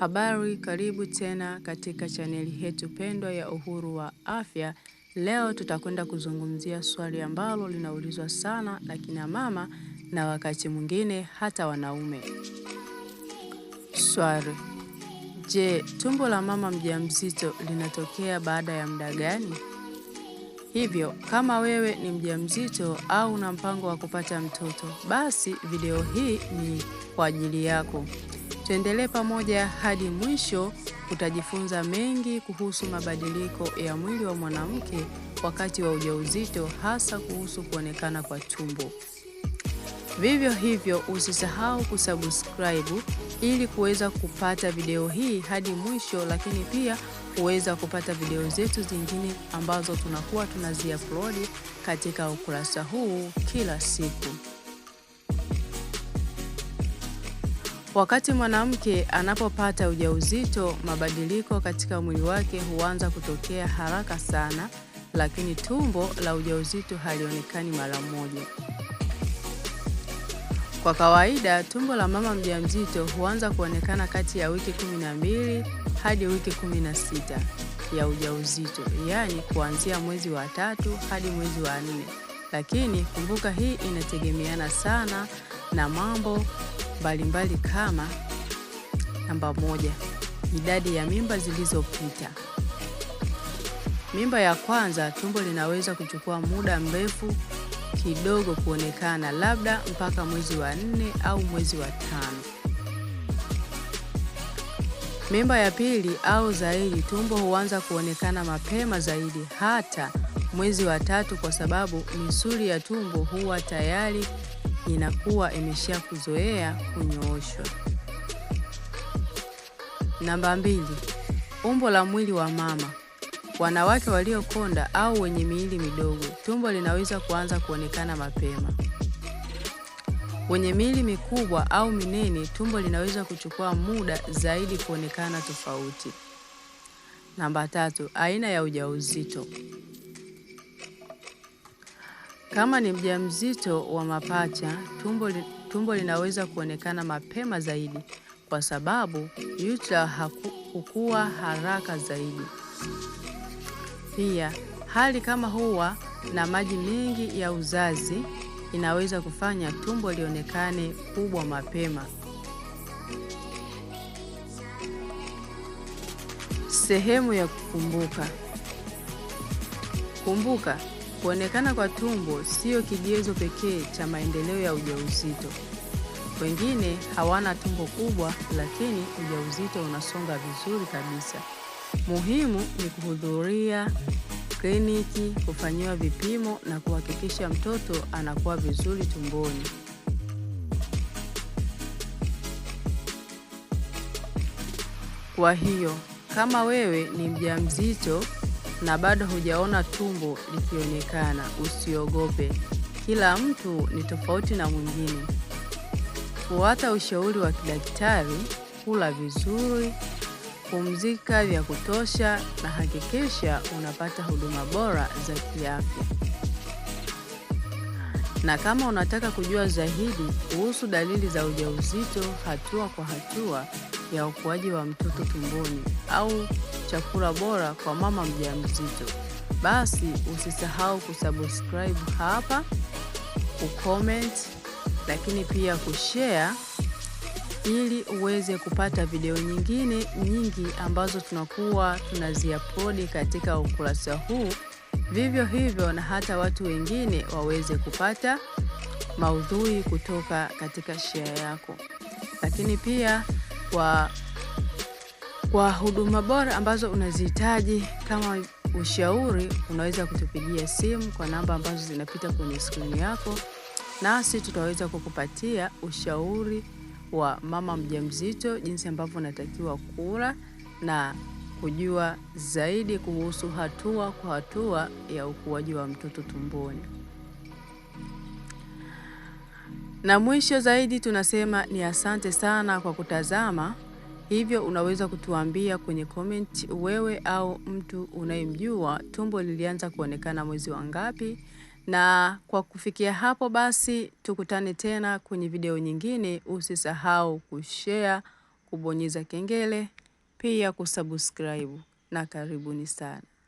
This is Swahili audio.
Habari, karibu tena katika chaneli yetu pendwa ya Uhuru wa Afya. Leo tutakwenda kuzungumzia swali ambalo linaulizwa sana na kina mama na wakati mwingine hata wanaume. Swali: Je, tumbo la mama mjamzito linatokea baada ya muda gani? Hivyo kama wewe ni mjamzito au una mpango wa kupata mtoto, basi video hii ni kwa ajili yako. Tuendelee pamoja hadi mwisho. Utajifunza mengi kuhusu mabadiliko ya mwili wa mwanamke wakati wa ujauzito, hasa kuhusu kuonekana kwa tumbo. Vivyo hivyo, usisahau kusubscribe ili kuweza kupata video hii hadi mwisho, lakini pia kuweza kupata video zetu zingine ambazo tunakuwa upload katika ukurasa huu kila siku. Wakati mwanamke anapopata ujauzito, mabadiliko katika mwili wake huanza kutokea haraka sana, lakini tumbo la ujauzito halionekani mara moja. Kwa kawaida, tumbo la mama mjamzito huanza kuonekana kati ya wiki 12 hadi wiki 16 ya ujauzito, yaani kuanzia mwezi wa tatu hadi mwezi wa nne lakini kumbuka hii inategemeana sana na mambo mbalimbali kama namba moja, idadi ya mimba zilizopita. Mimba ya kwanza, tumbo linaweza kuchukua muda mrefu kidogo kuonekana, labda mpaka mwezi wa nne au mwezi wa tano. Mimba ya pili au zaidi, tumbo huanza kuonekana mapema zaidi, hata mwezi wa tatu kwa sababu misuli ya tumbo huwa tayari inakuwa imesha kuzoea kunyooshwa. Namba mbili, umbo la mwili wa mama. Wanawake waliokonda au wenye miili midogo, tumbo linaweza kuanza kuonekana mapema. Wenye miili mikubwa au minene, tumbo linaweza kuchukua muda zaidi kuonekana tofauti. Namba tatu, aina ya ujauzito. Kama ni mjamzito wa mapacha, tumbo, tumbo linaweza kuonekana mapema zaidi kwa sababu yuta hukua haraka zaidi. Pia hali kama huwa na maji mengi ya uzazi inaweza kufanya tumbo lionekane kubwa mapema. Sehemu ya kukumbuka. Kumbuka Kuonekana kwa tumbo siyo kigezo pekee cha maendeleo ya ujauzito. Wengine hawana tumbo kubwa, lakini ujauzito unasonga vizuri kabisa. Muhimu ni kuhudhuria kliniki, kufanyiwa vipimo na kuhakikisha mtoto anakuwa vizuri tumboni. Kwa hiyo kama wewe ni mjamzito na bado hujaona tumbo likionekana, usiogope. Kila mtu ni tofauti na mwingine. Fuata ushauri wa kidaktari, kula vizuri, pumzika vya kutosha, na hakikisha unapata huduma bora za kiafya. Na kama unataka kujua zaidi kuhusu dalili za ujauzito hatua kwa hatua ya ukuaji wa mtoto tumboni au chakula bora kwa mama mjamzito, basi usisahau kusubscribe hapa, kucomment, lakini pia kushare ili uweze kupata video nyingine nyingi ambazo tunakuwa tunaziupload katika ukurasa huu, vivyo hivyo na hata watu wengine waweze kupata maudhui kutoka katika share yako, lakini pia kwa, kwa huduma bora ambazo unazihitaji kama ushauri, unaweza kutupigia simu kwa namba ambazo zinapita kwenye skrini yako, nasi tutaweza kukupatia ushauri wa mama mjamzito, jinsi ambavyo unatakiwa kula na kujua zaidi kuhusu hatua kwa hatua ya ukuaji wa mtoto tumboni. Na mwisho zaidi tunasema ni asante sana kwa kutazama. Hivyo unaweza kutuambia kwenye comment wewe au mtu unayemjua tumbo lilianza kuonekana mwezi wa ngapi? Na kwa kufikia hapo basi tukutane tena kwenye video nyingine. Usisahau kushare, kubonyeza kengele, pia kusubscribe na karibuni sana.